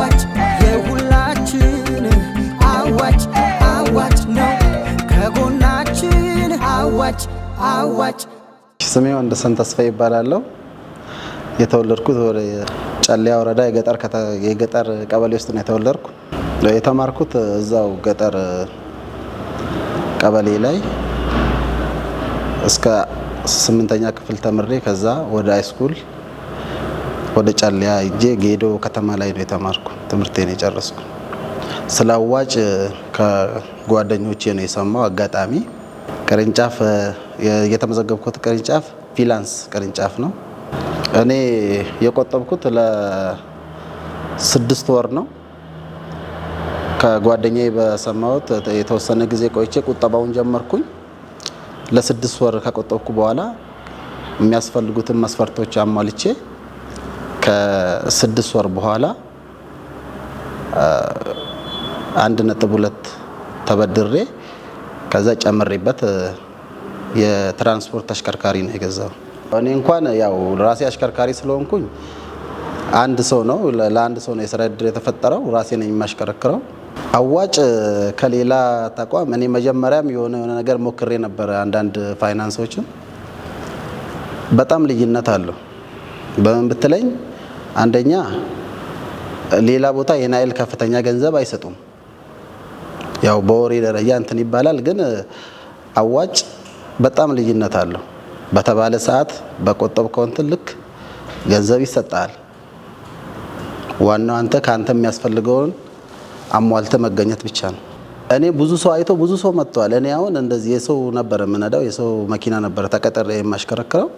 አዋጭ የሁላችን አዋጭ አዋጭ ነው ከጎናችን አዋጭ አዋጭ። ስሜ ወንደሰን ተስፋ ይባላለሁ። የተወለድኩት ወደ ጨለያ ወረዳ የገጠር ቀበሌ ውስጥ ነው የተወለድኩ። የተማርኩት እዛው ገጠር ቀበሌ ላይ እስከ ስምንተኛ ክፍል ተምሬ ከዛ ወደ ሃይስኩል ወደ ጫልያ እጄ ጌዶ ከተማ ላይ ነው የተማርኩ ትምህርቴን የጨረስኩ። ስለ አዋጭ ከጓደኞቼ ነው የሰማው። አጋጣሚ ቅርንጫፍ የተመዘገብኩት ቅርንጫፍ ፊላንስ ቅርንጫፍ ነው። እኔ የቆጠብኩት ለስድስት ወር ነው። ከጓደኛዬ በሰማሁት የተወሰነ ጊዜ ቆይቼ ቁጠባውን ጀመርኩኝ። ለስድስት ወር ከቆጠብኩ በኋላ የሚያስፈልጉትን መስፈርቶች አሟልቼ ከስድስት ወር በኋላ አንድ ነጥብ ሁለት ተበድሬ ከዛ ጨምሬበት የትራንስፖርት ተሽከርካሪ ነው የገዛው። እኔ እንኳን ያው ራሴ አሽከርካሪ ስለሆንኩኝ አንድ ሰው ነው ለአንድ ሰው ነው የስራ እድል የተፈጠረው። ራሴ ነው የሚያሽከረክረው። አዋጭ ከሌላ ተቋም እኔ መጀመሪያም የሆነ የሆነ ነገር ሞክሬ ነበረ። አንዳንድ ፋይናንሶችን በጣም ልዩነት አለው። በምን ብትለኝ አንደኛ ሌላ ቦታ የናይል ከፍተኛ ገንዘብ አይሰጡም። ያው በወሬ ደረጃ እንትን ይባላል፣ ግን አዋጭ በጣም ልዩነት አለው። በተባለ ሰዓት በቆጠብከው እንትን ልክ ገንዘብ ይሰጣል። ዋናው አንተ ከአንተ የሚያስፈልገውን አሟልተ መገኘት ብቻ ነው። እኔ ብዙ ሰው አይቶ ብዙ ሰው መጥቷል። እኔ አሁን እንደዚህ የሰው ነበር የምነዳው፣ የሰው መኪና ነበር ተቀጠረ የማሽከረክረው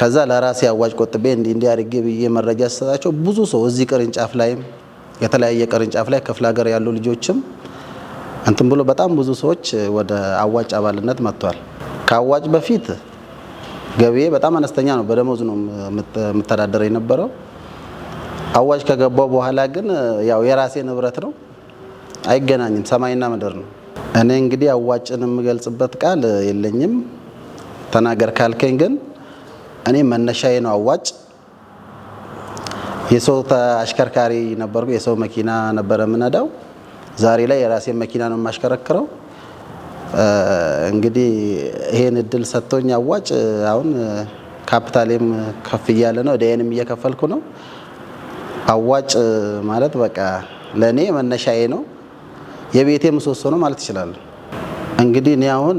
ከዛ ለራሴ አዋጅ ቆጥቤ እንዲህ እንዲህ አድርጌ ብዬ መረጃ ስሰጣቸው ብዙ ሰው እዚህ ቅርንጫፍ ላይም የተለያየ ቅርንጫፍ ላይ ክፍለ ሀገር ያሉ ልጆችም እንትን ብሎ በጣም ብዙ ሰዎች ወደ አዋጭ አባልነት መጥቷል። ከአዋጭ በፊት ገቢዬ በጣም አነስተኛ ነው። በደሞዝ ነው የምተዳደር የነበረው። አዋጭ ከገባው በኋላ ግን ያው የራሴ ንብረት ነው፣ አይገናኝም። ሰማይና ምድር ነው። እኔ እንግዲህ አዋጭን የምገልጽበት ቃል የለኝም። ተናገር ካልከኝ ግን እኔ መነሻዬ ነው አዋጭ። የሰው አሽከርካሪ ነበርኩ። የሰው መኪና ነበረ የምነዳው። ዛሬ ላይ የራሴ መኪና ነው የማሽከረክረው። እንግዲህ ይሄን እድል ሰጥቶኝ አዋጭ አሁን ካፒታሌም ከፍ እያለ ነው፣ እዳዬንም እየከፈልኩ ነው። አዋጭ ማለት በቃ ለእኔ መነሻዬ ነው፣ የቤቴ ምሰሶ ነው ማለት ይችላል። እንግዲህ እኔ አሁን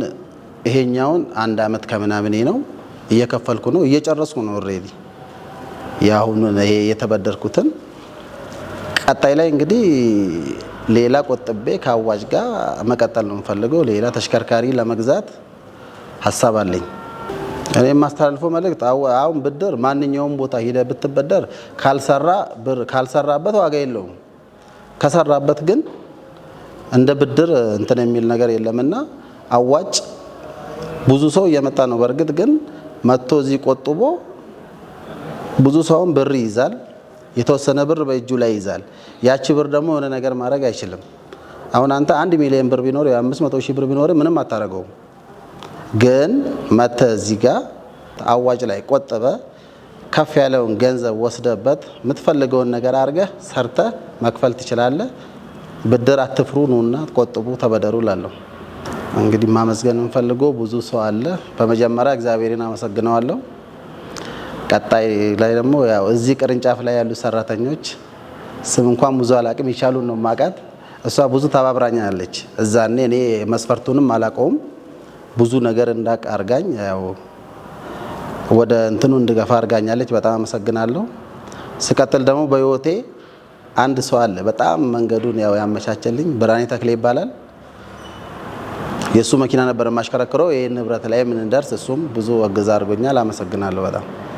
ይሄኛውን አንድ አመት ከምናምኔ ነው እየከፈልኩ ነው፣ እየጨረስኩ ነው ኦልሬዲ የአሁኑ ይሄ የተበደርኩትን ቀጣይ ላይ እንግዲህ ሌላ ቆጥቤ ከአዋጅ ጋር መቀጠል ነው የምፈልገው። ሌላ ተሽከርካሪ ለመግዛት ሀሳብ አለኝ። እኔ የማስተላልፈው መልእክት አሁን ብድር ማንኛውም ቦታ ሂደ ብትበደር ካልሰራ ብር ካልሰራበት ዋጋ የለውም። ከሰራበት ግን እንደ ብድር እንትን የሚል ነገር የለምና አዋጭ ብዙ ሰው እየመጣ ነው። በእርግጥ ግን መጥቶ እዚህ ቆጥቦ ብዙ ሰውን ብር ይይዛል። የተወሰነ ብር በእጁ ላይ ይይዛል። ያቺ ብር ደግሞ የሆነ ነገር ማድረግ አይችልም። አሁን አንተ አንድ ሚሊዮን ብር ቢኖር የአምስት መቶ ሺህ ብር ቢኖር ምንም አታደርገውም። ግን መተ እዚህ ጋር አዋጭ ላይ ቆጥበ ከፍ ያለውን ገንዘብ ወስደበት የምትፈልገውን ነገር አድርገህ ሰርተ መክፈል ትችላለህ። ብድር አትፍሩ፣ ኑና ቆጥቡ፣ ተበደሩ ላለሁ እንግዲህ ማመስገን የምፈልገው ብዙ ሰው አለ። በመጀመሪያ እግዚአብሔርን አመሰግነዋለሁ። ቀጣይ ላይ ደግሞ ያው እዚህ ቅርንጫፍ ላይ ያሉ ሰራተኞች ስም እንኳን ብዙ አላቅም፣ ይቻሉን ነው ማቃት። እሷ ብዙ ተባብራኛለች። እዛኔ እኔ መስፈርቱንም አላቀውም ብዙ ነገር እንዳቅ አርጋኝ ያው ወደ እንትኑ እንድገፋ አርጋኛለች። በጣም አመሰግናለሁ። ስቀጥል ደግሞ በህይወቴ አንድ ሰው አለ በጣም መንገዱን ያው ያመቻቸልኝ ብርሃኔ ተክሌ ይባላል። የእሱ መኪና ነበር የማሽከረክረው። ይህን ንብረት ላይ የምንደርስ እሱም ብዙ እገዛ አድርጎኛል። አመሰግናለሁ በጣም